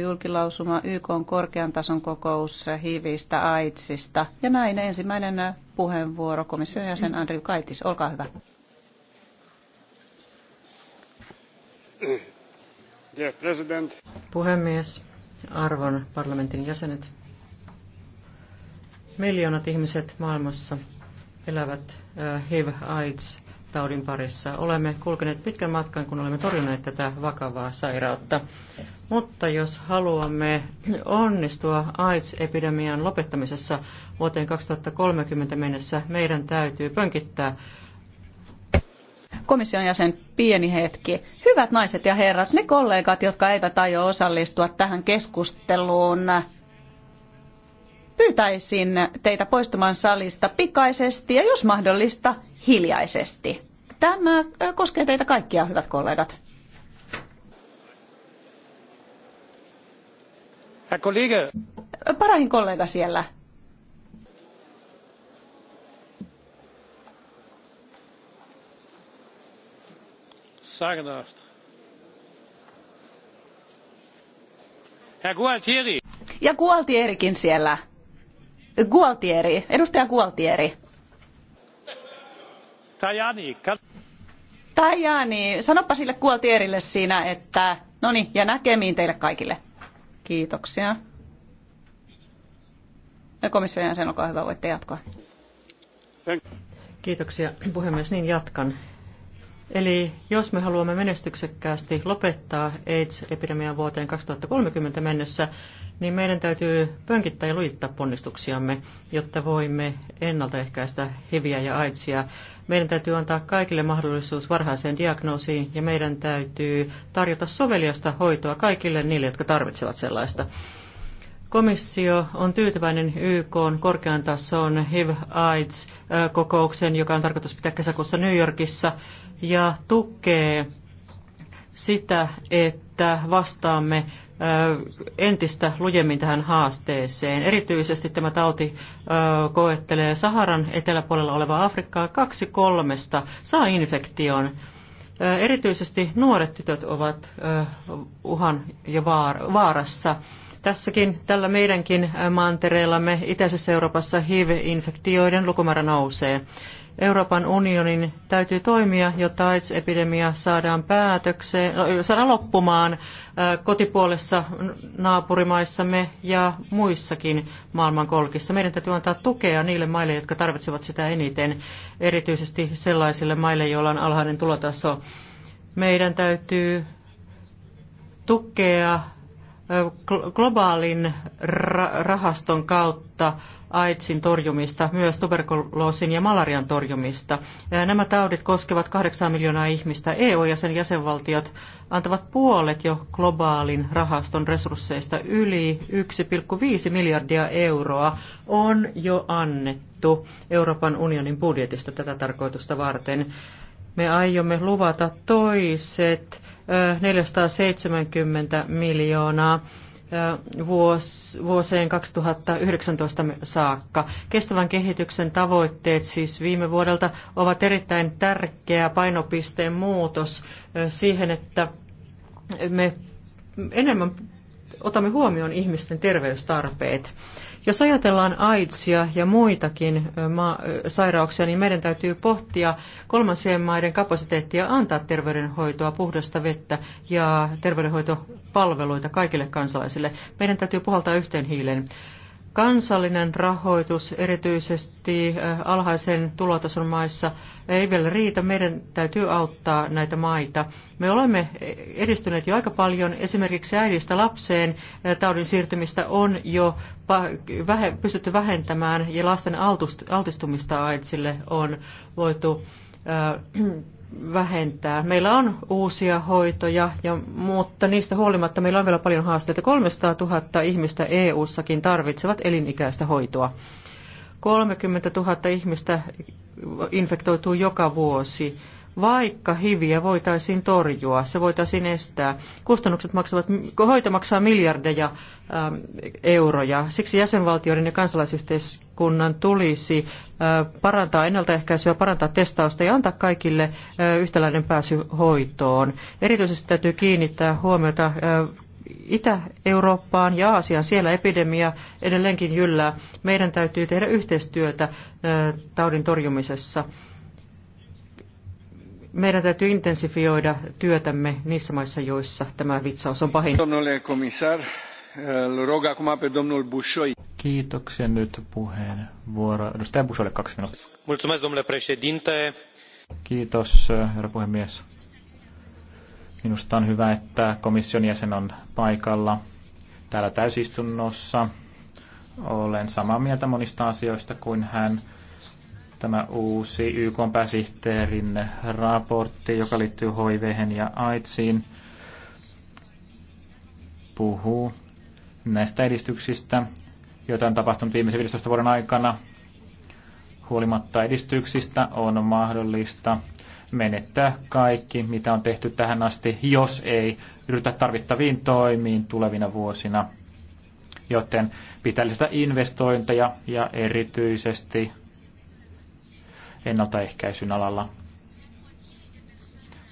julkilausuma YK on korkean tason kokous HIVistä, AIDSista. Ja näin ensimmäinen puheenvuoro komission jäsen Andriy Kaitis. Olkaa hyvä. President. Puhemies, arvon parlamentin jäsenet. Miljoonat ihmiset maailmassa elävät HIV, äh, AIDS taudin parissa. Olemme kulkeneet pitkän matkan, kun olemme torjuneet tätä vakavaa sairautta. Mutta jos haluamme onnistua AIDS-epidemian lopettamisessa vuoteen 2030 mennessä, meidän täytyy pönkittää komission jäsen pieni hetki. Hyvät naiset ja herrat, ne kollegat, jotka eivät aio osallistua tähän keskusteluun, pyytäisin teitä poistumaan salista pikaisesti ja jos mahdollista hiljaisesti. Tämä äh, koskee teitä kaikkia, hyvät kollegat. Herr Kollege. Äh, parahin kollega siellä. Ja Herr Gualtieri. Ja Gualtierikin siellä. Gualtieri, edustaja Gualtieri. Tajani, kat... Tajani, sanoppa sille kuoltierille siinä, että no niin, ja näkemiin teille kaikille. Kiitoksia. Komission jäsen, olkaa hyvä, voitte jatkaa. Kiitoksia puhemies, niin jatkan. Eli jos me haluamme menestyksekkäästi lopettaa AIDS-epidemian vuoteen 2030 mennessä, niin meidän täytyy pönkittää ja lujittaa ponnistuksiamme, jotta voimme ennaltaehkäistä HIViä ja AIDSia meidän täytyy antaa kaikille mahdollisuus varhaiseen diagnoosiin ja meidän täytyy tarjota soveliasta hoitoa kaikille niille, jotka tarvitsevat sellaista. Komissio on tyytyväinen YK on korkean tason HIV-AIDS-kokouksen, joka on tarkoitus pitää kesäkuussa New Yorkissa, ja tukee sitä, että vastaamme entistä lujemmin tähän haasteeseen. Erityisesti tämä tauti koettelee Saharan eteläpuolella olevaa Afrikkaa. Kaksi kolmesta saa infektion. Erityisesti nuoret tytöt ovat uhan ja vaarassa. Tässäkin tällä meidänkin mantereellamme itäisessä Euroopassa HIV-infektioiden lukumäärä nousee. Euroopan unionin täytyy toimia, jotta AIDS-epidemia saadaan päätökseen, saadaan loppumaan äh, kotipuolessa, naapurimaissamme ja muissakin maailmankolkissa. Meidän täytyy antaa tukea niille maille, jotka tarvitsevat sitä eniten, erityisesti sellaisille maille, joilla on alhainen tulotaso. Meidän täytyy tukea äh, globaalin rahaston kautta AIDSin torjumista, myös tuberkuloosin ja malarian torjumista. Nämä taudit koskevat 8 miljoonaa ihmistä. EU ja sen jäsenvaltiot antavat puolet jo globaalin rahaston resursseista. Yli 1,5 miljardia euroa on jo annettu Euroopan unionin budjetista tätä tarkoitusta varten. Me aiomme luvata toiset 470 miljoonaa vuoseen 2019 saakka. Kestävän kehityksen tavoitteet siis viime vuodelta ovat erittäin tärkeä painopisteen muutos siihen, että me enemmän otamme huomioon ihmisten terveystarpeet. Jos ajatellaan AIDSia ja muitakin sairauksia, niin meidän täytyy pohtia kolmansien maiden kapasiteettia antaa terveydenhoitoa, puhdasta vettä ja terveydenhoitopalveluita kaikille kansalaisille. Meidän täytyy puhaltaa yhteen hiileen. Kansallinen rahoitus erityisesti alhaisen tulotason maissa ei vielä riitä. Meidän täytyy auttaa näitä maita. Me olemme edistyneet jo aika paljon. Esimerkiksi äidistä lapseen taudin siirtymistä on jo pystytty vähentämään ja lasten altistumista AIDSille on voitu vähentää. Meillä on uusia hoitoja, ja, mutta niistä huolimatta meillä on vielä paljon haasteita. 300 000 ihmistä EU-sakin tarvitsevat elinikäistä hoitoa. 30 000 ihmistä infektoituu joka vuosi vaikka hiviä voitaisiin torjua, se voitaisiin estää. Kustannukset maksavat, hoito maksaa miljardeja ähm, euroja. Siksi jäsenvaltioiden ja kansalaisyhteiskunnan tulisi äh, parantaa ennaltaehkäisyä, parantaa testausta ja antaa kaikille äh, yhtäläinen pääsy hoitoon. Erityisesti täytyy kiinnittää huomiota äh, Itä-Eurooppaan ja Aasiaan. Siellä epidemia edelleenkin jyllää. Meidän täytyy tehdä yhteistyötä taudin torjumisessa. Meidän täytyy intensifioida työtämme niissä maissa, joissa tämä vitsaus on pahin. Kiitoksia nyt puheenvuoro. Edustaja Busolle kaksi minuuttia. Mulțumesc, domnule președinte. Kiitos, herra puhemies. Minusta on hyvä, että komission jäsen on paikalla täällä täysistunnossa. Olen samaa mieltä monista asioista kuin hän tämä uusi YK pääsihteerin raportti, joka liittyy hiv ja AIDSiin, puhuu näistä edistyksistä, joita on tapahtunut viimeisen 15 vuoden aikana. Huolimatta edistyksistä on mahdollista menettää kaikki, mitä on tehty tähän asti, jos ei ryhdytä tarvittaviin toimiin tulevina vuosina. Joten pitää lisätä investointeja ja erityisesti ennaltaehkäisyn alalla.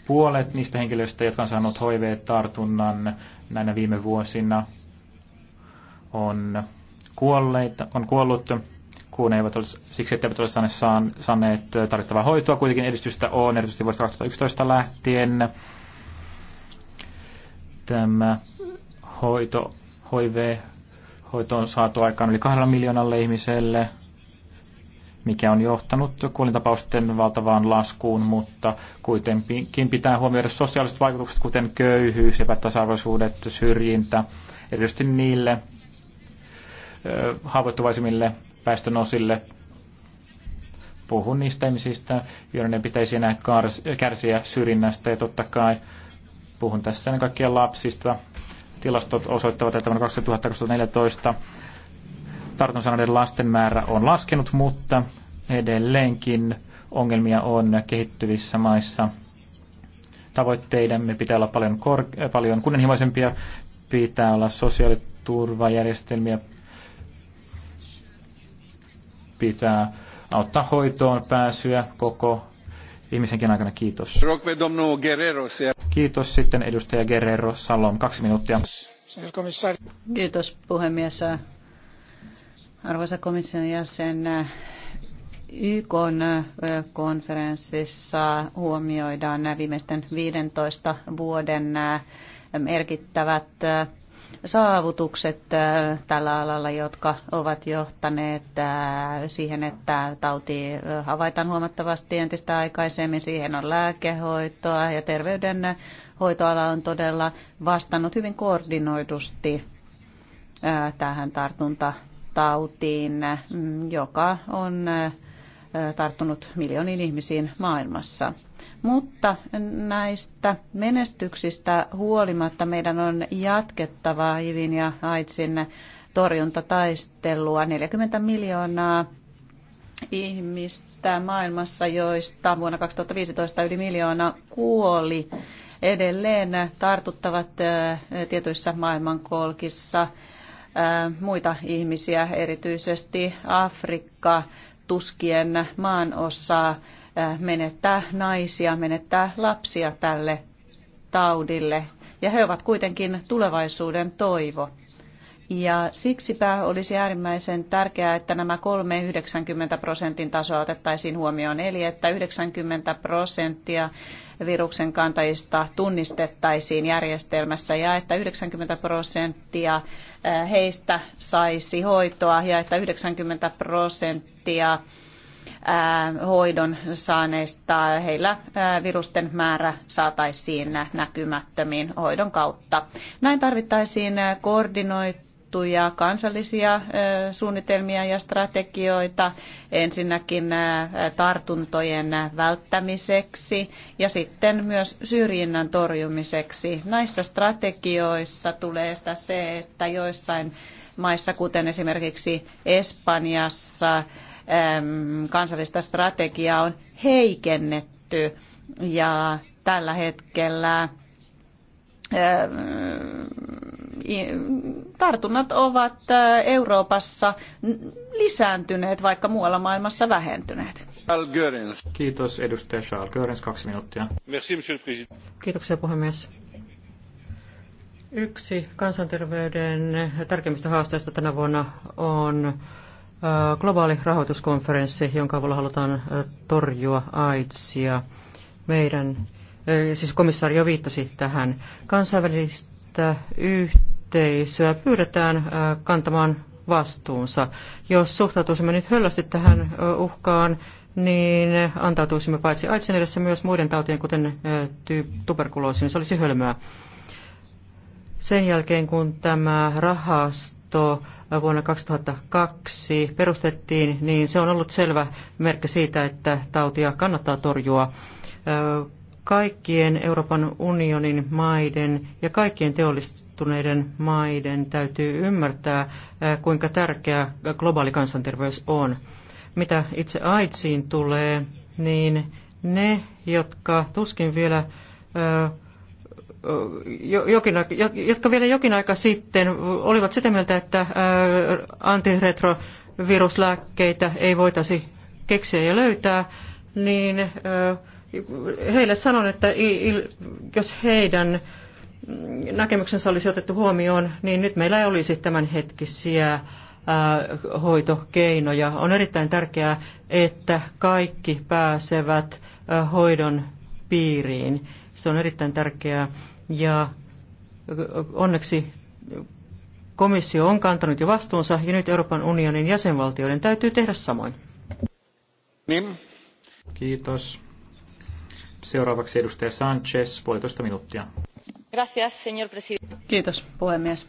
Puolet niistä henkilöistä, jotka on saanut HIV-tartunnan näinä viime vuosina, on, kuolleita, on kuollut, kun eivät ole, siksi eivät ole saaneet, saaneet tarvittavaa hoitoa. Kuitenkin edistystä on, erityisesti vuodesta 2011 lähtien. Tämä hoito, HIV, hoito on saatu aikaan yli kahdella miljoonalle ihmiselle – mikä on johtanut kuolintapausten valtavaan laskuun, mutta kuitenkin pitää huomioida sosiaaliset vaikutukset, kuten köyhyys, epätasa-arvoisuudet, syrjintä, erityisesti niille haavoittuvaisimmille osille. Puhun niistä ihmisistä, joiden ei pitäisi enää kärsiä syrjinnästä ja totta kai puhun tässä ennen kaikkea lapsista. Tilastot osoittavat, että vuonna 2014 tartun saaneiden lasten määrä on laskenut, mutta edelleenkin ongelmia on kehittyvissä maissa. Tavoitteidemme pitää olla paljon, kor- äh, paljon kunnianhimoisempia, pitää olla sosiaaliturvajärjestelmiä, pitää auttaa hoitoon pääsyä koko ihmisenkin aikana. Kiitos. Kiitos sitten edustaja Guerrero Salom. Kaksi minuuttia. Kiitos puhemies. Arvoisa komission jäsen, YK-konferenssissa huomioidaan viimeisten 15 vuoden merkittävät saavutukset tällä alalla, jotka ovat johtaneet siihen, että tauti havaitaan huomattavasti entistä aikaisemmin. Siihen on lääkehoitoa ja terveydenhoitoala on todella vastannut hyvin koordinoidusti tähän tartunta tautiin, joka on tarttunut miljooniin ihmisiin maailmassa. Mutta näistä menestyksistä huolimatta meidän on jatkettava HIVin ja AIDSin torjuntataistelua. 40 miljoonaa ihmistä maailmassa, joista vuonna 2015 yli miljoona kuoli. Edelleen tartuttavat tietyissä maailmankolkissa muita ihmisiä, erityisesti Afrikka, tuskien maan osaa menettää naisia, menettää lapsia tälle taudille. Ja he ovat kuitenkin tulevaisuuden toivo. Ja siksipä olisi äärimmäisen tärkeää, että nämä kolme 90 prosentin tasoa otettaisiin huomioon, eli että 90 prosenttia viruksen kantajista tunnistettaisiin järjestelmässä ja että 90 prosenttia eh, heistä saisi hoitoa ja että 90 prosenttia eh, hoidon saaneista heillä eh, virusten määrä saataisiin näkymättömiin hoidon kautta. Näin tarvittaisiin koordinoitua laadittuja kansallisia suunnitelmia ja strategioita ensinnäkin tartuntojen välttämiseksi ja sitten myös syrjinnän torjumiseksi. Näissä strategioissa tulee sitä se, että joissain maissa, kuten esimerkiksi Espanjassa, kansallista strategiaa on heikennetty ja tällä hetkellä tartunnat ovat Euroopassa lisääntyneet, vaikka muualla maailmassa vähentyneet. Kiitos edustaja Charles Görens, kaksi minuuttia. Merci, Kiitoksia puhemies. Yksi kansanterveyden tärkeimmistä haasteista tänä vuonna on globaali rahoituskonferenssi, jonka avulla halutaan torjua AIDSia. Meidän, siis komissaari jo viittasi tähän kansainvälistä yhteistyötä yhteisöä pyydetään äh, kantamaan vastuunsa. Jos suhtautuisimme nyt höllästi tähän äh, uhkaan, niin antautuisimme paitsi AIDSin edessä myös muiden tautien, kuten äh, tuberkuloosin. se olisi hölmöä. Sen jälkeen, kun tämä rahasto vuonna 2002 perustettiin, niin se on ollut selvä merkki siitä, että tautia kannattaa torjua kaikkien Euroopan unionin maiden ja kaikkien teollistuneiden maiden täytyy ymmärtää, äh, kuinka tärkeä globaali kansanterveys on. Mitä itse AIDSiin tulee, niin ne, jotka tuskin vielä äh, jokin, jotka vielä jokin aika sitten olivat sitä mieltä, että äh, antiretroviruslääkkeitä ei voitaisi keksiä ja löytää, niin heille sanon, että jos heidän näkemyksensä olisi otettu huomioon, niin nyt meillä ei olisi tämänhetkisiä hoitokeinoja. On erittäin tärkeää, että kaikki pääsevät hoidon piiriin. Se on erittäin tärkeää ja onneksi komissio on kantanut jo vastuunsa ja nyt Euroopan unionin jäsenvaltioiden täytyy tehdä samoin. Niin. Kiitos. Seuraavaksi edustaja Sanchez, puolitoista minuuttia. Gracias, señor Kiitos, puhemies.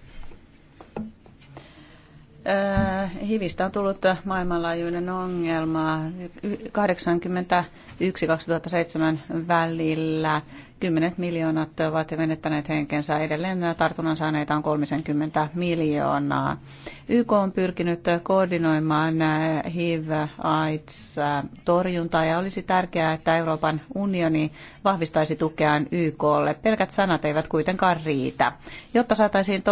Äh, HIVistä on tullut maailmanlaajuinen ongelma 81-2007 välillä. Kymmenet miljoonat ovat menettäneet henkensä. Edelleen tartunnan saaneita on 30 miljoonaa. YK on pyrkinyt koordinoimaan HIV-AIDS-torjuntaa ja olisi tärkeää, että Euroopan unioni vahvistaisi tukeaan YKlle. Pelkät sanat eivät kuitenkaan riitä. Jotta saataisiin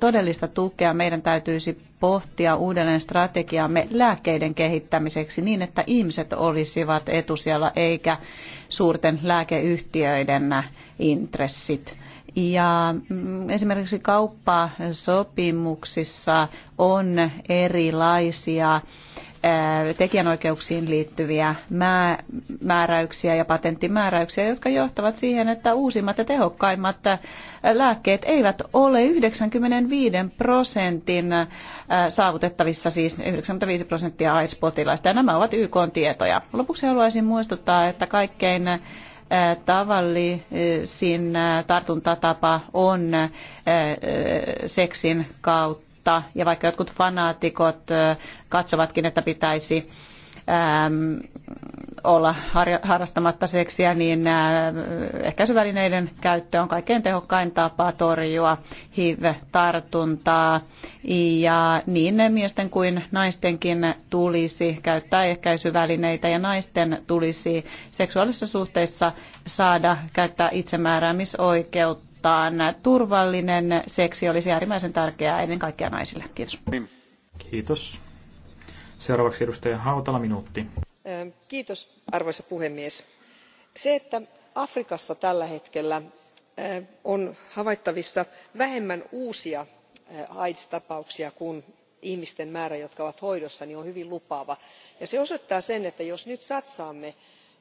todellista tukea, meidän täytyisi pohtia uudelleen strategiamme lääkkeiden kehittämiseksi niin, että ihmiset olisivat etusijalla eikä suurten lääkeyhtiöiden intressit. Ja mm, esimerkiksi kauppasopimuksissa on erilaisia tekijänoikeuksiin liittyviä määräyksiä ja patenttimääräyksiä, jotka johtavat siihen, että uusimmat ja tehokkaimmat lääkkeet eivät ole 95 prosentin saavutettavissa, siis 95 prosenttia AIDS-potilaista. Ja nämä ovat YK-tietoja. Lopuksi haluaisin muistuttaa, että kaikkein tavallisin tartuntatapa on seksin kautta mutta Ja vaikka jotkut fanaatikot katsovatkin, että pitäisi olla harrastamatta seksiä, niin ehkäisyvälineiden käyttö on kaikkein tehokkain tapa torjua HIV-tartuntaa. Ja niin miesten kuin naistenkin tulisi käyttää ehkäisyvälineitä ja naisten tulisi seksuaalisessa suhteessa saada käyttää itsemääräämisoikeutta kohtaan. Turvallinen seksi olisi äärimmäisen tärkeää ennen kaikkea naisille. Kiitos. Kiitos. Seuraavaksi edustaja Hautala, minuutti. Ähm, kiitos, arvoisa puhemies. Se, että Afrikassa tällä hetkellä äh, on havaittavissa vähemmän uusia äh, aids tapauksia kuin ihmisten määrä jotka ovat hoidossa niin on hyvin lupaava ja se osoittaa sen että jos nyt satsaamme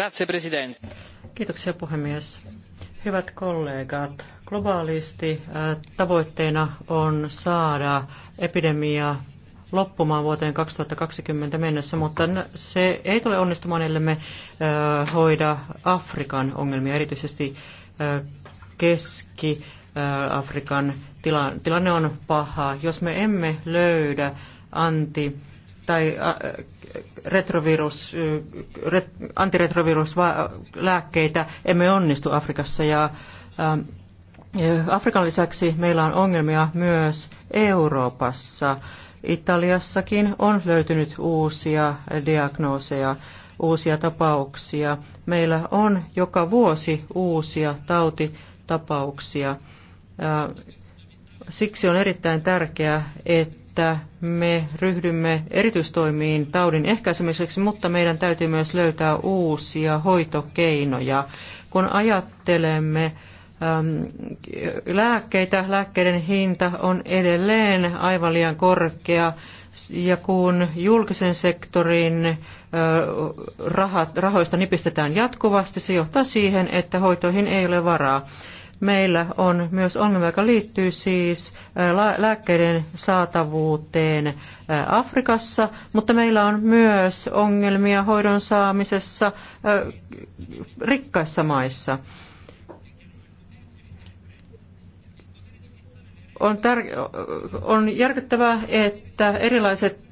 arvoisa Kiitoksia puhemies. Hyvät kollegat, globaalisti äh, tavoitteena on saada epidemia loppumaan vuoteen 2020 mennessä, mutta se ei tule onnistumaan, ellemme äh, hoida Afrikan ongelmia, erityisesti äh, Keski-Afrikan tilanne on paha. Jos me emme löydä anti- tai retrovirus, ret, antiretroviruslääkkeitä emme onnistu Afrikassa ähm, ja Afrikan lisäksi meillä on ongelmia myös Euroopassa. Italiassakin on löytynyt uusia diagnooseja, uusia tapauksia. Meillä on joka vuosi uusia tautitapauksia. Äh, siksi on erittäin tärkeää, että että me ryhdymme erityistoimiin taudin ehkäisemiseksi, mutta meidän täytyy myös löytää uusia hoitokeinoja. Kun ajattelemme lääkkeitä, lääkkeiden hinta on edelleen aivan liian korkea ja kun julkisen sektorin rahoista nipistetään jatkuvasti, se johtaa siihen, että hoitoihin ei ole varaa meillä on myös ongelma, joka liittyy siis lääkkeiden saatavuuteen Afrikassa, mutta meillä on myös ongelmia hoidon saamisessa rikkaissa maissa. On, tär- on järkyttävää, että erilaiset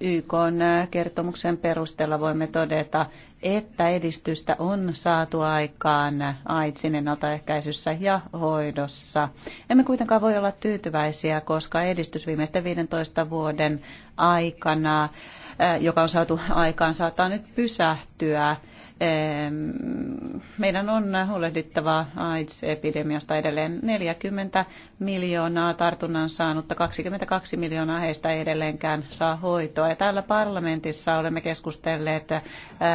YK kertomuksen perusteella voimme todeta, että edistystä on saatu aikaan AIDSin ennaltaehkäisyssä ja hoidossa. Emme kuitenkaan voi olla tyytyväisiä, koska edistys viimeisten 15 vuoden aikana, joka on saatu aikaan, saattaa nyt pysähtyä meidän on huolehdittava AIDS-epidemiasta edelleen 40 miljoonaa tartunnan saanutta, 22 miljoonaa heistä ei edelleenkään saa hoitoa. Ja täällä parlamentissa olemme keskustelleet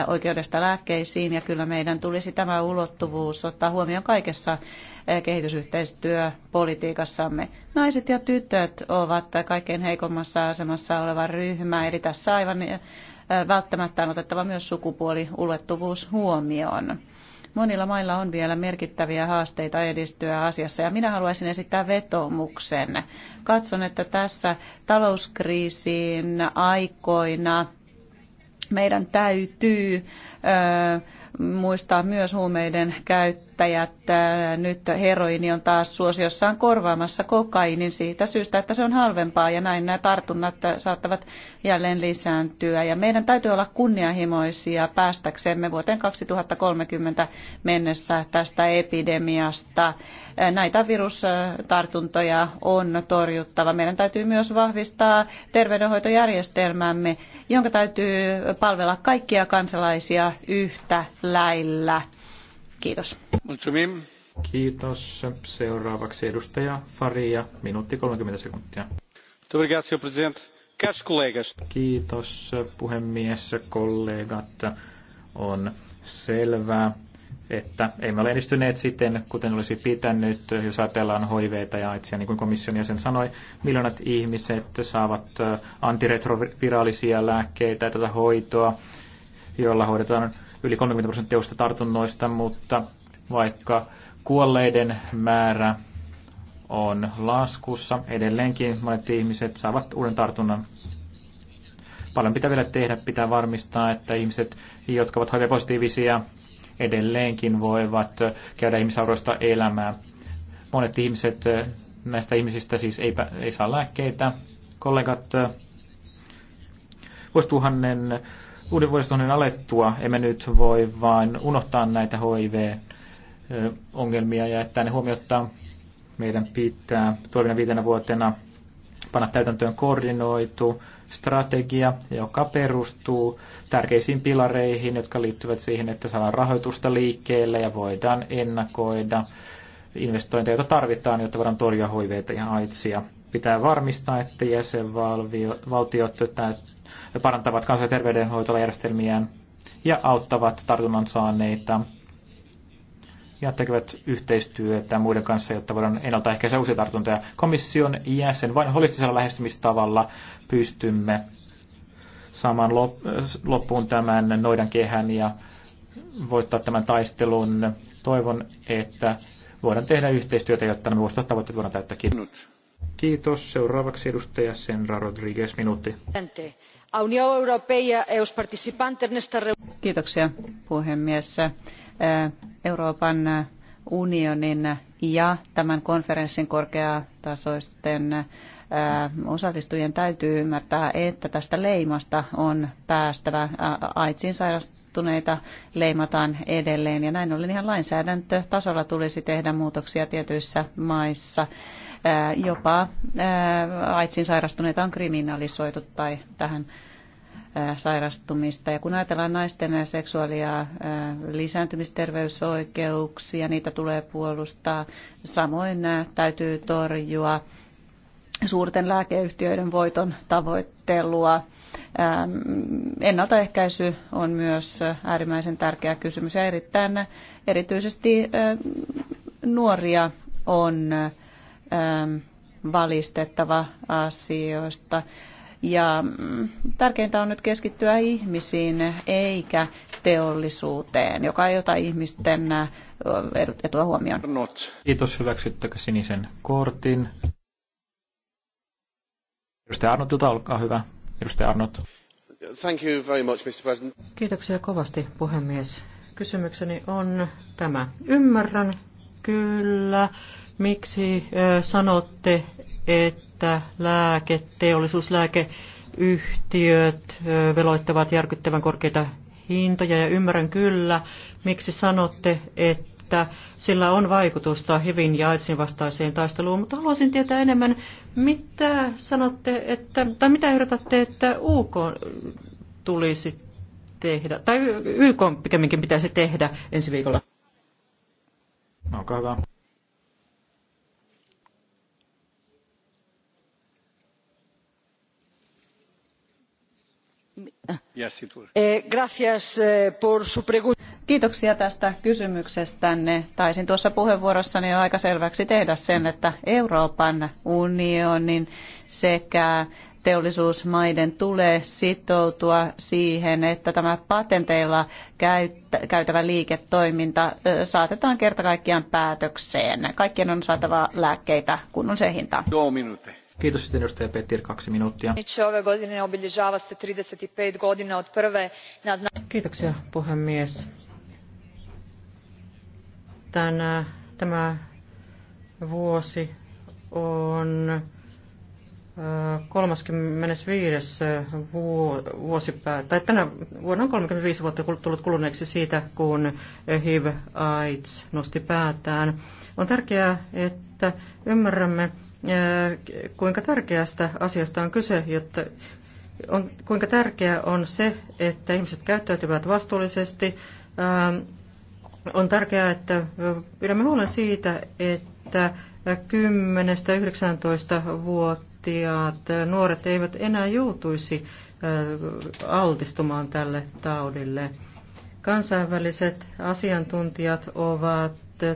oikeudesta lääkkeisiin ja kyllä meidän tulisi tämä ulottuvuus ottaa huomioon kaikessa kehitysyhteistyöpolitiikassamme. Naiset ja tytöt ovat kaikkein heikommassa asemassa oleva ryhmä, eli tässä aivan välttämättä on otettava myös sukupuoliulottuvuus huomioon. Monilla mailla on vielä merkittäviä haasteita edistyä asiassa ja minä haluaisin esittää vetomuksen. Katson, että tässä talouskriisin aikoina meidän täytyy äh, muistaa myös huumeiden käyttö yrittäjät. Nyt heroini on taas suosiossaan korvaamassa kokainin siitä syystä, että se on halvempaa ja näin nämä tartunnat saattavat jälleen lisääntyä. Ja meidän täytyy olla kunnianhimoisia päästäksemme vuoteen 2030 mennessä tästä epidemiasta. Näitä virustartuntoja on torjuttava. Meidän täytyy myös vahvistaa terveydenhoitojärjestelmäämme, jonka täytyy palvella kaikkia kansalaisia yhtä lailla Kiitos. Kiitos. Seuraavaksi edustaja Faria, minuutti 30 sekuntia. Kiitos puhemies, kollegat. On selvää, että emme ole edistyneet siten, kuten olisi pitänyt, jos ajatellaan hoiveita ja itseä, niin kuin komission jäsen sanoi, miljoonat ihmiset saavat äh, antiretroviraalisia lääkkeitä tätä hoitoa, jolla hoidetaan yli 30 prosenttia uusista tartunnoista, mutta vaikka kuolleiden määrä on laskussa, edelleenkin monet ihmiset saavat uuden tartunnan. Paljon pitää vielä tehdä, pitää varmistaa, että ihmiset, jotka ovat HIV-positiivisia, edelleenkin voivat käydä ihmisarvoista elämää. Monet ihmiset, näistä ihmisistä siis ei, ei saa lääkkeitä. Kollegat, vuosituhannen uuden vuositunnin alettua emme nyt voi vain unohtaa näitä HIV-ongelmia ja että ne huomiota meidän pitää tulevina viitenä vuotena panna täytäntöön koordinoitu strategia, joka perustuu tärkeisiin pilareihin, jotka liittyvät siihen, että saadaan rahoitusta liikkeelle ja voidaan ennakoida investointeja, joita tarvitaan, jotta voidaan torjua HIV ja AIDSia. Pitää varmistaa, että jäsenvaltiot parantavat kansanterveydenhoitojärjestelmiään ja auttavat tartunnan saaneita ja tekevät yhteistyötä muiden kanssa, jotta voidaan ennaltaehkäistä uusia tartuntoja. Komission jäsen vain holistisella lähestymistavalla pystymme saamaan loppuun tämän noidan kehän ja voittaa tämän taistelun. Toivon, että voidaan tehdä yhteistyötä, jotta nämä vuosittain tavoitteet voidaan täyttää. Kiitos. Seuraavaksi edustaja Senra Rodriguez, minuutti a e nesta Kiitoksia puhemies. Euroopan unionin ja tämän konferenssin korkeatasoisten osallistujien täytyy ymmärtää, että tästä leimasta on päästävä. AIDSin sairastuneita leimataan edelleen ja näin ollen ihan lainsäädäntötasolla tulisi tehdä muutoksia tietyissä maissa Jopa AIDSin sairastuneita on kriminalisoitu tai tähän sairastumista. Ja kun ajatellaan naisten seksuaali- ja lisääntymisterveysoikeuksia, niitä tulee puolustaa. Samoin täytyy torjua suurten lääkeyhtiöiden voiton tavoittelua. Ennaltaehkäisy on myös äärimmäisen tärkeä kysymys ja erittäin erityisesti nuoria on Ähm, valistettava asioista. Ja mm, tärkeintä on nyt keskittyä ihmisiin eikä teollisuuteen, joka ei ota ihmisten äh, etua huomioon. Kiitos, hyväksyttekö sinisen kortin? Edustaja Arnotilta, olkaa hyvä. Edustaja Arnot. Thank you very much, Mr. President. Kiitoksia kovasti, puhemies. Kysymykseni on tämä. Ymmärrän kyllä Miksi sanotte, että lääketeollisuus, lääkeyhtiöt veloittavat järkyttävän korkeita hintoja ja ymmärrän kyllä, miksi sanotte, että sillä on vaikutusta HIVin ja AIDSin vastaiseen taisteluun, mutta haluaisin tietää enemmän, mitä sanotte, että, tai mitä ehdotatte, että UK tulisi tehdä, tai YK pikemminkin pitäisi tehdä ensi viikolla? Olkaa hyvä. Eh, eh, Kiitoksia tästä kysymyksestänne. Taisin tuossa puheenvuorossani jo aika selväksi tehdä sen, että Euroopan unionin sekä teollisuusmaiden tulee sitoutua siihen, että tämä patenteilla käytävä liiketoiminta saatetaan kerta kaikkiaan päätökseen. Kaikkien on saatava lääkkeitä kunnon se hintaan. Kiitos sitten edustaja Petir, kaksi minuuttia. Kiitoksia puhemies. Tänä, tämä vuosi on 35. Äh, vuosi, tai tänä vuonna on 35 vuotta tullut kuluneeksi siitä, kun HIV AIDS nosti päätään. On tärkeää, että ymmärrämme, kuinka tärkeästä asiasta on kyse, jotta on, kuinka tärkeää on se, että ihmiset käyttäytyvät vastuullisesti. Ähm, on tärkeää, että pidämme huolen siitä, että 10-19-vuotiaat nuoret eivät enää joutuisi äh, altistumaan tälle taudille. Kansainväliset asiantuntijat ovat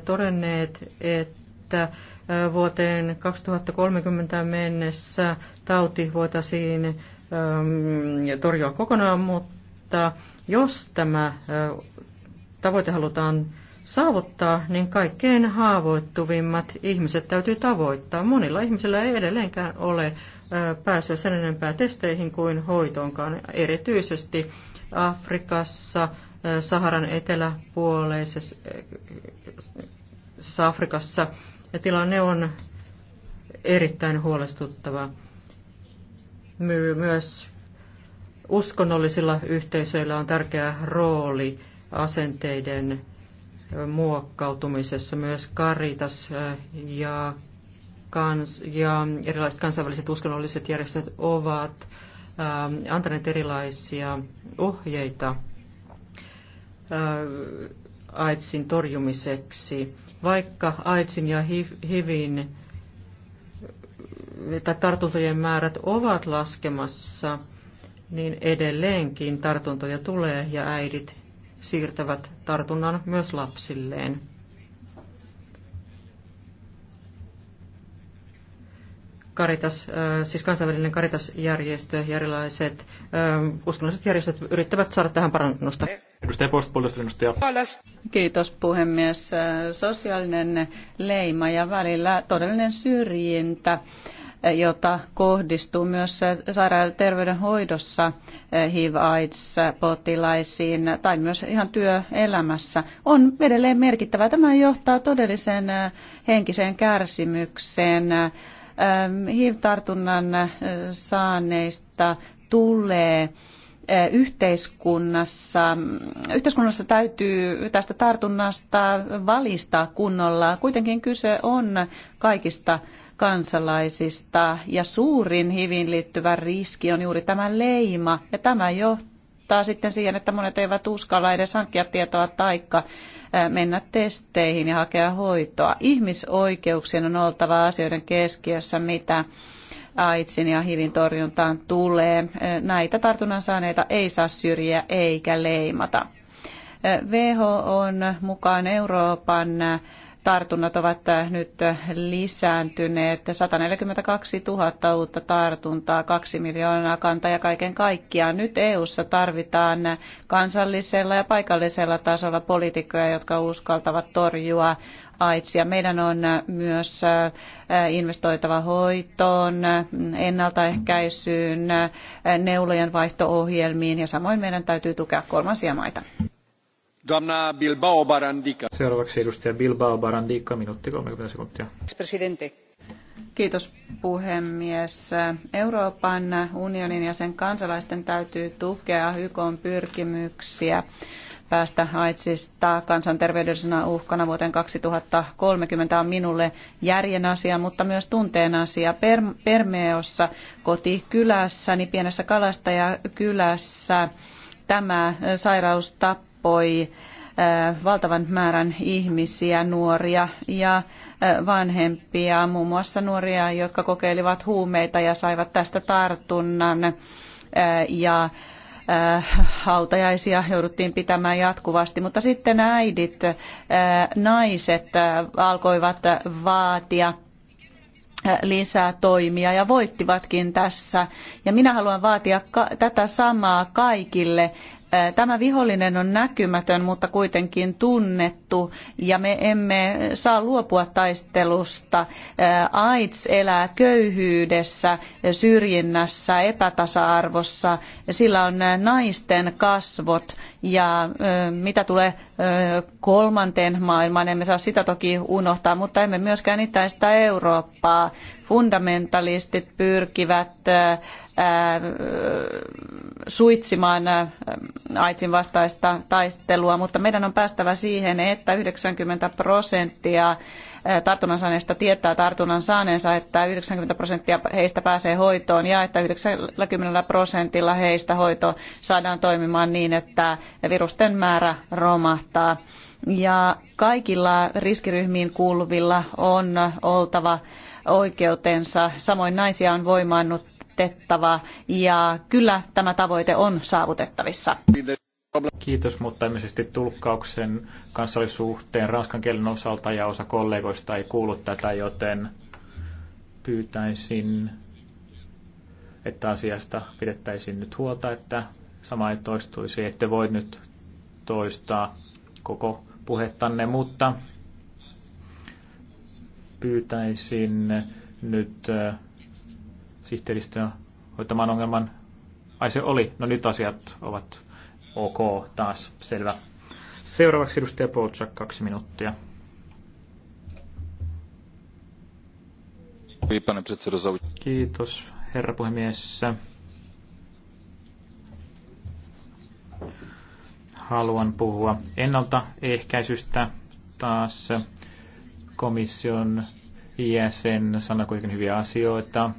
todenneet, että vuoteen 2030 mennessä tauti voitaisiin torjua kokonaan, mutta jos tämä tavoite halutaan saavuttaa, niin kaikkein haavoittuvimmat ihmiset täytyy tavoittaa. Monilla ihmisillä ei edelleenkään ole pääsyä sen enempää testeihin kuin hoitoonkaan, erityisesti Afrikassa, Saharan eteläpuoleisessa Afrikassa ja tilanne on erittäin huolestuttava. Myös uskonnollisilla yhteisöillä on tärkeä rooli asenteiden muokkautumisessa. Myös Karitas ja, kans, ja erilaiset kansainväliset uskonnolliset järjestöt ovat antaneet erilaisia ohjeita AIDSin torjumiseksi. Vaikka AIDSin ja HIVin tai tartuntojen määrät ovat laskemassa, niin edelleenkin tartuntoja tulee ja äidit siirtävät tartunnan myös lapsilleen. Karitas, siis kansainvälinen karitasjärjestö ja erilaiset uskonnolliset järjestöt yrittävät saada tähän parannusta. Edustaja Post, Kiitos puhemies. Sosiaalinen leima ja välillä todellinen syrjintä jota kohdistuu myös sairaan terveydenhoidossa eh, HIV-AIDS-potilaisiin tai myös ihan työelämässä, on edelleen merkittävä. Tämä johtaa todelliseen eh, henkiseen kärsimykseen. Ehm, HIV-tartunnan eh, saaneista tulee yhteiskunnassa, yhteiskunnassa täytyy tästä tartunnasta valistaa kunnolla. Kuitenkin kyse on kaikista kansalaisista ja suurin hiviin liittyvä riski on juuri tämä leima ja tämä johtaa sitten siihen, että monet eivät uskalla edes hankkia tietoa taikka mennä testeihin ja hakea hoitoa. Ihmisoikeuksien on oltava asioiden keskiössä, mitä AIDSin ja HIVin torjuntaan tulee. Näitä tartunnan saaneita ei saa syrjiä eikä leimata. WHO on mukaan Euroopan tartunnat ovat nyt lisääntyneet. 142 000 uutta tartuntaa, 2 miljoonaa ja kaiken kaikkiaan. Nyt EU:ssa tarvitaan kansallisella ja paikallisella tasolla poliitikkoja, jotka uskaltavat torjua AIDSia. Meidän on myös investoitava hoitoon, ennaltaehkäisyyn, neulojen vaihto-ohjelmiin ja samoin meidän täytyy tukea kolmansia maita. Doamna Bilbao Barandika. Seuraavaksi edustaja Bilbao Barandica, minuutti 30 sekuntia. Presidente. Kiitos puhemies. Euroopan unionin ja sen kansalaisten täytyy tukea YK pyrkimyksiä päästä AIDSista kansanterveydellisenä uhkana vuoteen 2030 on minulle järjen asia, mutta myös tunteen asia. Per, Permeossa kotikylässäni, pienessä kalastajakylässä, tämä sairaus tappoi äh, valtavan määrän ihmisiä, nuoria ja äh, vanhempia, muun muassa nuoria, jotka kokeilivat huumeita ja saivat tästä tartunnan. Äh, ja Äh, hautajaisia jouduttiin pitämään jatkuvasti, mutta sitten äidit, äh, naiset äh, alkoivat vaatia lisää toimia ja voittivatkin tässä. Ja minä haluan vaatia tätä samaa kaikille Äh, tämä vihollinen on näkymätön, mutta kuitenkin tunnettu ja me emme saa luopua taistelusta. Äh, AIDS elää köyhyydessä, syrjinnässä, epätasa-arvossa. Sillä on äh, naisten kasvot ja mitä tulee kolmanteen maailmaan, emme saa sitä toki unohtaa, mutta emme myöskään itäistä Eurooppaa. Fundamentalistit pyrkivät suitsimaan AIDSin vastaista taistelua, mutta meidän on päästävä siihen, että 90 prosenttia tartunnan saaneista tietää tartunnan saaneensa, että 90 prosenttia heistä pääsee hoitoon ja että 90 prosentilla heistä hoito saadaan toimimaan niin, että virusten määrä romahtaa. Ja kaikilla riskiryhmiin kuuluvilla on oltava oikeutensa. Samoin naisia on voimannut saavutettava ja kyllä tämä tavoite on saavutettavissa. Kiitos, mutta ilmeisesti siis tulkkauksen kansallisuhteen ranskan kielen osalta ja osa kollegoista ei kuullut tätä, joten pyytäisin, että asiasta pidettäisiin nyt huolta, että sama ei toistuisi. Ette voi nyt toistaa koko puhettanne, mutta pyytäisin nyt äh, sihteeristöä hoitamaan ongelman. Ai se oli. No nyt asiat ovat ok taas. Selvä. Seuraavaksi edustaja Poltsak, kaksi minuuttia. Kiitos, herra puhemies. Haluan puhua ennaltaehkäisystä taas komission jäsen sanoi kuitenkin hyviä asioita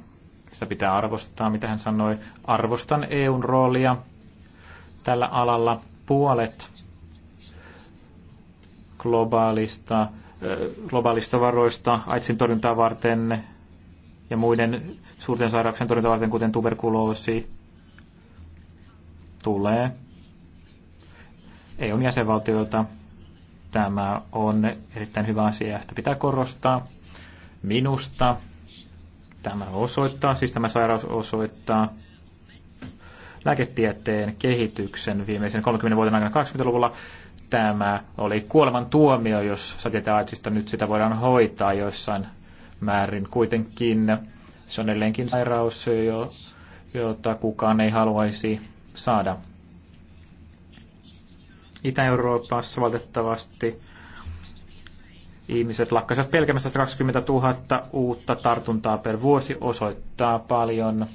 sitä pitää arvostaa, mitä hän sanoi. Arvostan EUn roolia tällä alalla. Puolet globaalista, globaalista varoista AIDSin torjuntaa varten ja muiden suurten sairauksien torjuntaa varten, kuten tuberkuloosi, tulee EUn jäsenvaltioilta. Tämä on erittäin hyvä asia, sitä pitää korostaa. Minusta Tämä osoittaa, siis tämä sairaus osoittaa lääketieteen kehityksen viimeisen 30 vuoden aikana 20-luvulla. Tämä oli kuoleman tuomio, jos sä tietää nyt sitä voidaan hoitaa joissain määrin. Kuitenkin se on edelleenkin sairaus, jo, jota kukaan ei haluaisi saada. Itä-Euroopassa valitettavasti ihmiset lakkasivat pelkämässä 20 000 uutta tartuntaa per vuosi osoittaa paljon.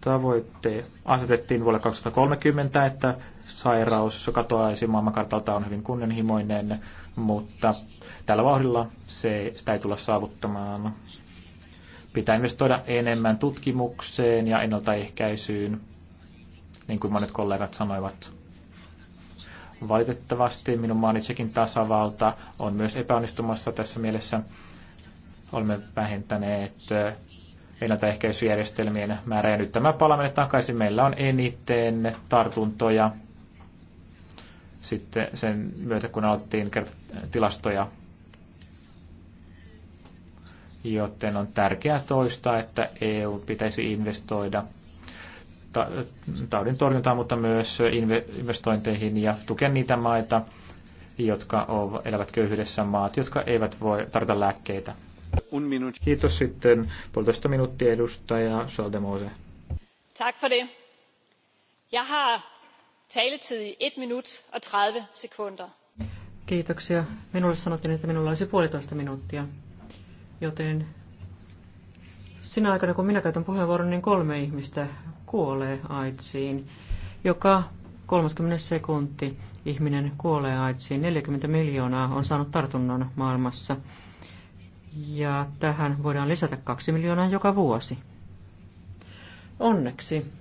Tavoitte asetettiin vuodelle 2030, että sairaus katoaisi maailmankartalta on hyvin kunnianhimoinen, mutta tällä vauhdilla se, sitä ei tulla saavuttamaan. Pitää investoida enemmän tutkimukseen ja ennaltaehkäisyyn, niin kuin monet kollegat sanoivat Valitettavasti minun maani tasavalta on myös epäonnistumassa tässä mielessä. Olemme vähentäneet eh, ennaltaehkäisyjärjestelmien määrää. Ja nyt tämä palaaminen takaisin. Meillä on eniten tartuntoja sitten sen myötä, kun aloittiin tilastoja. Joten on tärkeää toistaa, että EU pitäisi investoida taudin torjuntaan, mutta myös investointeihin ja tukea niitä maita, jotka elävät köyhyydessä maat, jotka eivät voi tarjota lääkkeitä. Kiitos sitten puolitoista minuuttia edustaja Schaldemose. Tak for det. Jeg har taletid 1 minut og 30 sekunder. Kiitoksia. Minulle sanottiin, että minulla olisi puolitoista minuuttia, joten sinä aikana kun minä käytän puheenvuoron, niin kolme ihmistä kuolee AIDSiin. Joka 30 sekunti ihminen kuolee AIDSiin. 40 miljoonaa on saanut tartunnan maailmassa. Ja tähän voidaan lisätä 2 miljoonaa joka vuosi. Onneksi.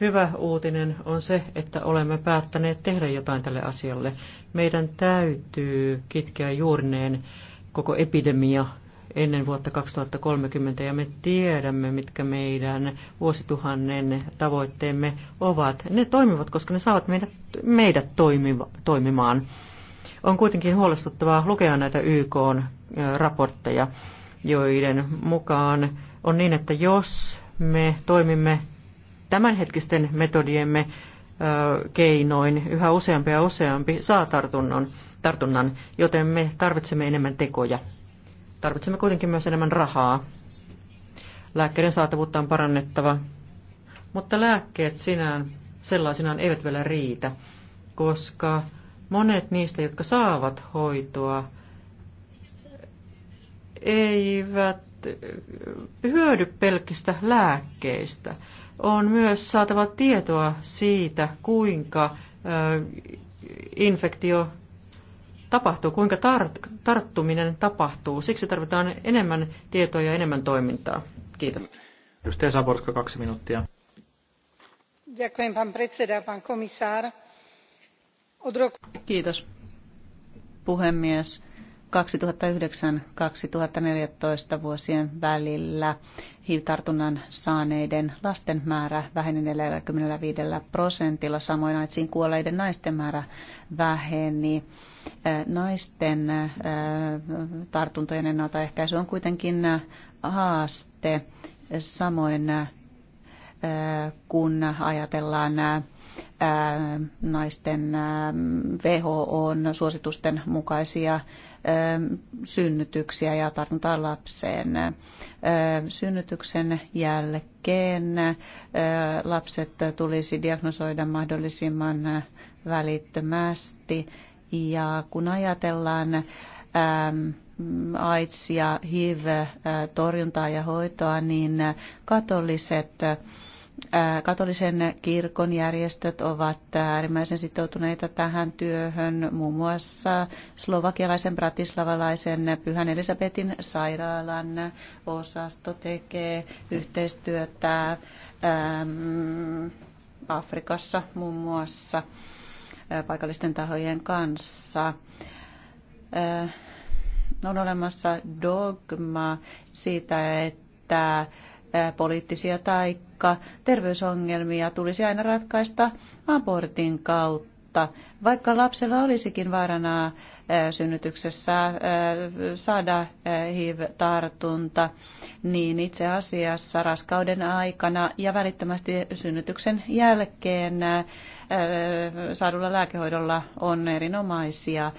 Hyvä uutinen on se, että olemme päättäneet tehdä jotain tälle asialle. Meidän täytyy kitkeä juurneen koko epidemia ennen vuotta 2030 ja me tiedämme, mitkä meidän vuosituhannen tavoitteemme ovat. Ne toimivat, koska ne saavat meidät, meidät toimiva, toimimaan. On kuitenkin huolestuttavaa lukea näitä YK-raportteja, joiden mukaan on niin, että jos me toimimme tämänhetkisten metodiemme keinoin yhä useampi ja useampi saa tartunnan, joten me tarvitsemme enemmän tekoja tarvitsemme kuitenkin myös enemmän rahaa. Lääkkeiden saatavuutta on parannettava, mutta lääkkeet sinään sellaisinaan eivät vielä riitä, koska monet niistä, jotka saavat hoitoa, eivät hyödy pelkistä lääkkeistä. On myös saatava tietoa siitä, kuinka infektio tapahtuu, kuinka tar- tarttuminen tapahtuu. Siksi tarvitaan enemmän tietoa ja enemmän toimintaa. Kiitos. Edustaja Saborska, kaksi minuuttia. Kiitos, puhemies. 2009-2014 vuosien välillä HIV-tartunnan saaneiden lasten määrä väheni 45 prosentilla, samoin aitsiin kuolleiden naisten määrä väheni Naisten tartuntojen ennaltaehkäisy on kuitenkin haaste, samoin kun ajatellaan naisten WHO-suositusten mukaisia synnytyksiä ja tartuntaa lapseen. Synnytyksen jälkeen lapset tulisi diagnosoida mahdollisimman välittömästi ja kun ajatellaan ähm, AIDS- ja HIV-torjuntaa äh, ja hoitoa, niin katoliset äh, Katolisen kirkon järjestöt ovat äh, äärimmäisen sitoutuneita tähän työhön, muun muassa slovakialaisen bratislavalaisen Pyhän Elisabetin sairaalan osasto tekee yhteistyötä ähm, Afrikassa muun muassa paikallisten tahojen kanssa. On olemassa dogma siitä, että poliittisia taikka terveysongelmia tulisi aina ratkaista abortin kautta. Vaikka lapsella olisikin vaaranaa synnytyksessä saada HIV-tartunta, niin itse asiassa raskauden aikana ja välittömästi synnytyksen jälkeen saadulla lääkehoidolla on erinomaisia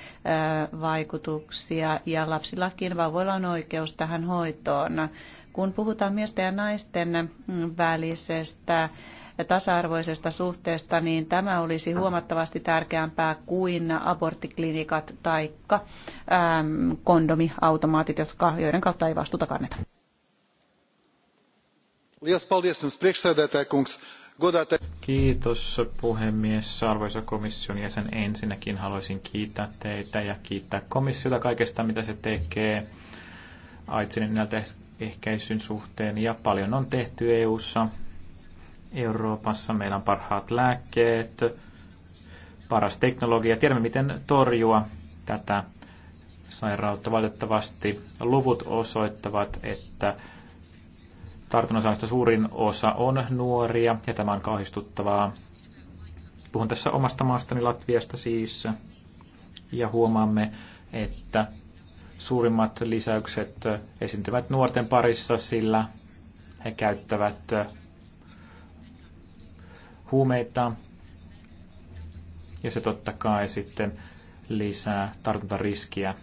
vaikutuksia ja lapsillakin vauvoilla on oikeus tähän hoitoon. Kun puhutaan miesten ja naisten mm, välisestä ja tasa-arvoisesta suhteesta, niin tämä olisi huomattavasti tärkeämpää kuin aborttiklinikat tai ähm, kondomiautomaatit, jotka, joiden kautta ei vastuuta kanneta. Kiitos puhemies, arvoisa komission jäsen. Ensinnäkin haluaisin kiittää teitä ja kiittää komissiota kaikesta, mitä se tekee aitsinen ennaltaehkäisyn suhteen ja paljon on tehty EU-ssa Euroopassa meillä on parhaat lääkkeet, paras teknologia. Tiedämme, miten torjua tätä sairautta. Valitettavasti luvut osoittavat, että tartunnasaista suurin osa on nuoria, ja tämä on kauhistuttavaa. Puhun tässä omasta maastani Latviasta siis, ja huomaamme, että suurimmat lisäykset esiintyvät nuorten parissa, sillä he käyttävät huumeita. Ja se totta kai sitten lisää tartuntariskiä.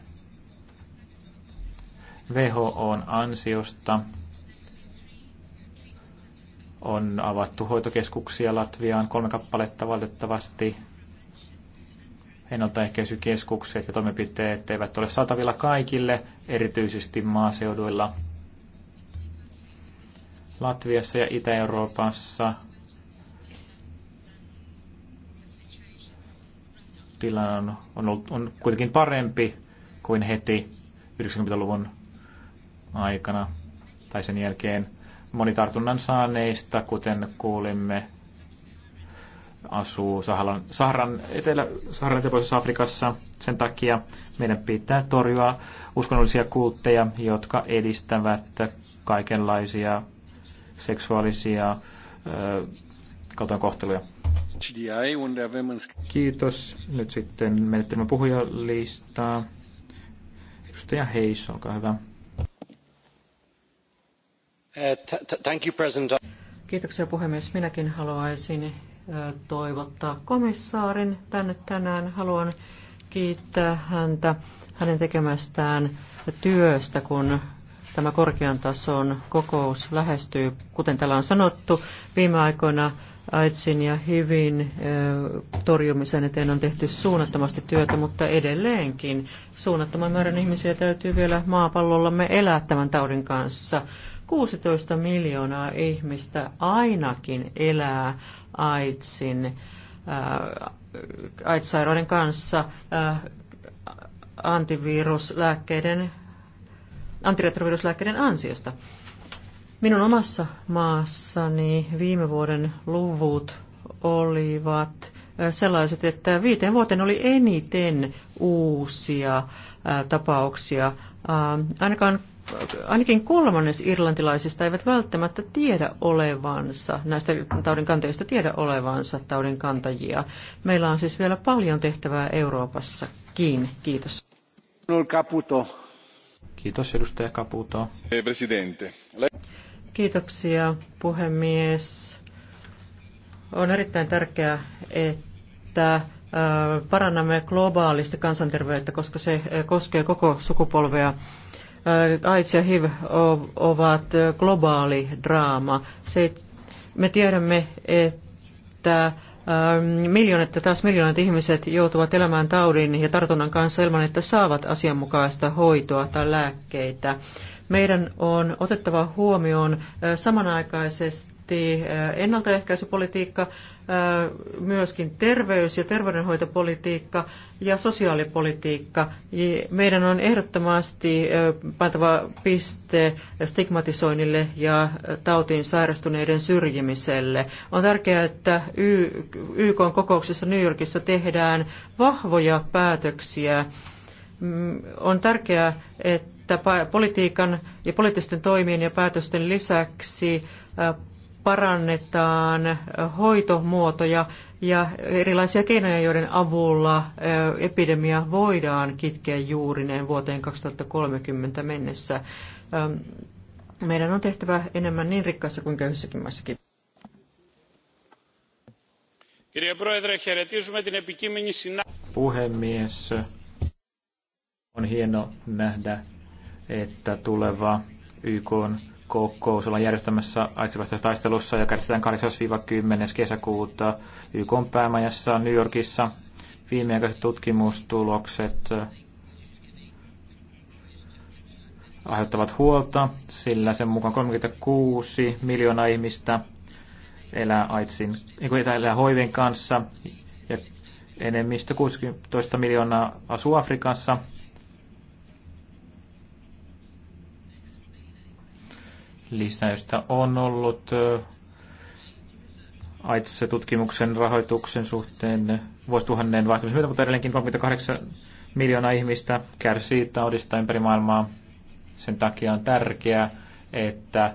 on ansiosta on avattu hoitokeskuksia Latviaan kolme kappaletta valitettavasti. Ennaltaehkäisykeskukset ja toimenpiteet eivät ole saatavilla kaikille, erityisesti maaseuduilla. Latviassa ja Itä-Euroopassa tilanne on, on, ollut, on kuitenkin parempi kuin heti 90-luvun aikana tai sen jälkeen. Moni saaneista, kuten kuulimme, asuu Sahalan, Saharan, etelä, Saharan eteläpuolisessa Afrikassa. Sen takia meidän pitää torjua uskonnollisia kultteja, jotka edistävät kaikenlaisia seksuaalisia ö, kohteluja. Kiitos. Nyt sitten menettelemme puhujalistaa. Edustaja Heis, olkaa hyvä. Eh, thank you, President. Kiitoksia puhemies. Minäkin haluaisin eh, toivottaa komissaarin tänne tänään. Haluan kiittää häntä hänen tekemästään työstä, kun tämä korkean tason kokous lähestyy. Kuten täällä on sanottu, viime aikoina AIDSin ja HIVin torjumisen eteen on tehty suunnattomasti työtä, mutta edelleenkin suunnattoman määrän ihmisiä täytyy vielä maapallollamme elää tämän taudin kanssa. 16 miljoonaa ihmistä ainakin elää AIDSin, AIDS-sairauden kanssa antiviruslääkkeiden, antiretroviruslääkkeiden ansiosta. Minun omassa maassani viime vuoden luvut olivat sellaiset, että viiteen vuoteen oli eniten uusia tapauksia. Ainakaan, ainakin kolmannes irlantilaisista eivät välttämättä tiedä olevansa, näistä taudin kantajista tiedä olevansa taudin kantajia. Meillä on siis vielä paljon tehtävää Euroopassakin. Kiitos. Kiitos edustaja Caputo. Eh, presidente. Kiitoksia puhemies. On erittäin tärkeää, että äh, parannamme globaalista kansanterveyttä, koska se äh, koskee koko sukupolvea. Äh, AIDS ja HIV ovat globaali draama. Se, me tiedämme, että ähm, miljoonat ja taas miljoonat ihmiset joutuvat elämään taudin ja tartunnan kanssa ilman, että saavat asianmukaista hoitoa tai lääkkeitä. Meidän on otettava huomioon samanaikaisesti ennaltaehkäisypolitiikka, myöskin terveys- ja terveydenhoitopolitiikka ja sosiaalipolitiikka. Meidän on ehdottomasti pantava piste stigmatisoinnille ja tautiin sairastuneiden syrjimiselle. On tärkeää, että YK kokouksessa New Yorkissa tehdään vahvoja päätöksiä. Mm, on tärkeää, että että politiikan ja poliittisten toimien ja päätösten lisäksi parannetaan hoitomuotoja ja erilaisia keinoja, joiden avulla epidemia voidaan kitkeä juurineen vuoteen 2030 mennessä. Meidän on tehtävä enemmän niin rikkaissa kuin köyhissäkin maissa. Puhemies, on hieno nähdä että tuleva YK on kokous ollaan järjestämässä aitsivastaisessa taistelussa, ja kärsitään 8-10. kesäkuuta YK on päämajassa New Yorkissa. Viimeaikaiset tutkimustulokset äh, aiheuttavat huolta, sillä sen mukaan 36 miljoonaa ihmistä elää AIDSin, elää hoivien kanssa ja enemmistö 16 miljoonaa asuu Afrikassa lisäystä on ollut aitse tutkimuksen rahoituksen suhteen vuosituhannen vaihtamisen myötä, mutta edelleenkin 38 miljoonaa ihmistä kärsii taudista ympäri maailmaa. Sen takia on tärkeää, että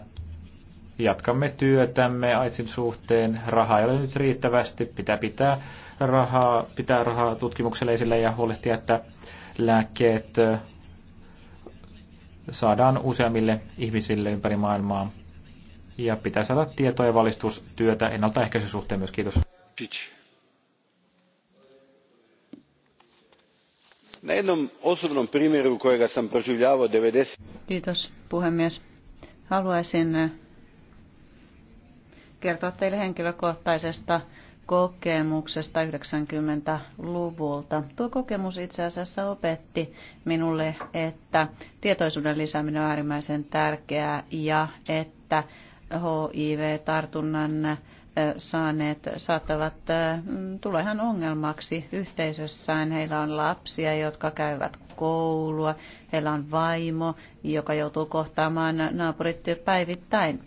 jatkamme työtämme AIDSin suhteen. Rahaa ei ole nyt riittävästi, pitää pitää rahaa, pitää rahaa tutkimukselle esille ja huolehtia, että lääkkeet saadaan useammille ihmisille ympäri maailmaa. Ja pitää saada tietoa ja valistustyötä ennaltaehkäisyn suhteen myös. Kiitos. Kiitos puhemies. Haluaisin eh, kertoa teille henkilökohtaisesta kokemuksesta 90-luvulta. Tuo kokemus itse asiassa opetti minulle, että tietoisuuden lisääminen on äärimmäisen tärkeää ja että HIV-tartunnan saaneet saattavat tulla ihan ongelmaksi yhteisössään. Heillä on lapsia, jotka käyvät koulua, heillä on vaimo, joka joutuu kohtaamaan naapurit päivittäin.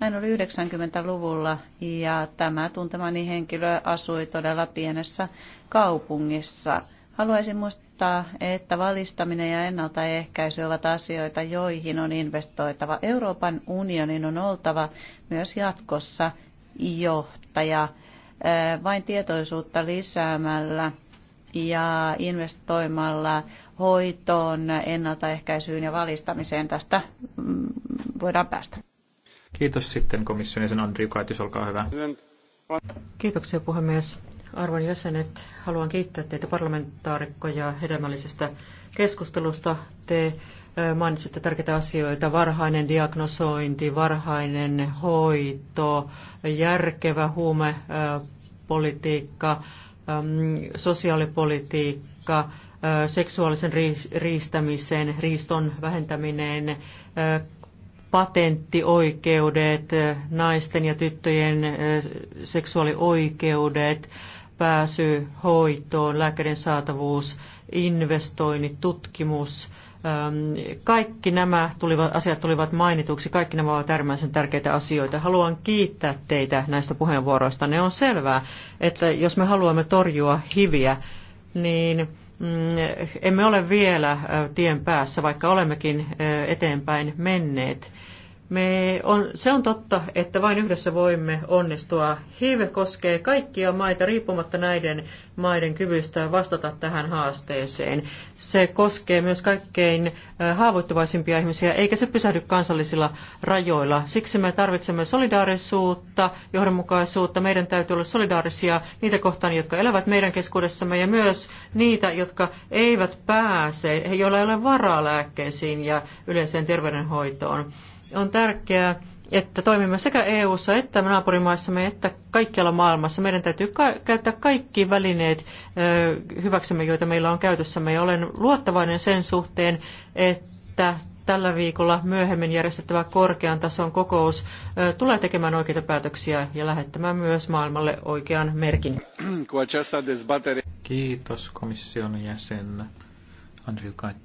Näin oli 90-luvulla ja tämä tuntemani henkilö asui todella pienessä kaupungissa. Haluaisin muistaa, että valistaminen ja ennaltaehkäisy ovat asioita, joihin on investoitava. Euroopan unionin on oltava myös jatkossa johtaja. Vain tietoisuutta lisäämällä ja investoimalla hoitoon, ennaltaehkäisyyn ja valistamiseen tästä mm, voidaan päästä. Kiitos sitten komission jäsen Andriy Kaitis, olkaa hyvä. Kiitoksia puhemies. Arvon jäsenet, haluan kiittää teitä parlamentaarikkoja hedelmällisestä keskustelusta. Te mainitsitte tärkeitä asioita, varhainen diagnosointi, varhainen hoito, järkevä huumepolitiikka, sosiaalipolitiikka, seksuaalisen riistämisen, riiston vähentäminen, patenttioikeudet, naisten ja tyttöjen seksuaalioikeudet, pääsy hoitoon, lääkärin saatavuus, investoinnit, tutkimus. Kaikki nämä tulivat, asiat tulivat mainituksi, kaikki nämä ovat äärimmäisen tärkeitä asioita. Haluan kiittää teitä näistä puheenvuoroista. Ne on selvää, että jos me haluamme torjua hiviä, niin Mm, emme ole vielä tien päässä, vaikka olemmekin eteenpäin menneet. Me on, se on totta, että vain yhdessä voimme onnistua. HIV koskee kaikkia maita riippumatta näiden maiden kyvystä vastata tähän haasteeseen. Se koskee myös kaikkein äh, haavoittuvaisimpia ihmisiä, eikä se pysähdy kansallisilla rajoilla. Siksi me tarvitsemme solidaarisuutta, johdonmukaisuutta. Meidän täytyy olla solidaarisia niitä kohtaan, jotka elävät meidän keskuudessamme ja myös niitä, jotka eivät pääse, joilla ei ole varaa lääkkeisiin ja yleiseen terveydenhoitoon on tärkeää, että toimimme sekä EU-ssa että naapurimaissamme että kaikkialla maailmassa. Meidän täytyy ka- käyttää kaikki välineet ö, hyväksemme, joita meillä on käytössämme. Ja olen luottavainen sen suhteen, että tällä viikolla myöhemmin järjestettävä korkean tason kokous ö, tulee tekemään oikeita päätöksiä ja lähettämään myös maailmalle oikean merkin. Kiitos komission jäsen Andriy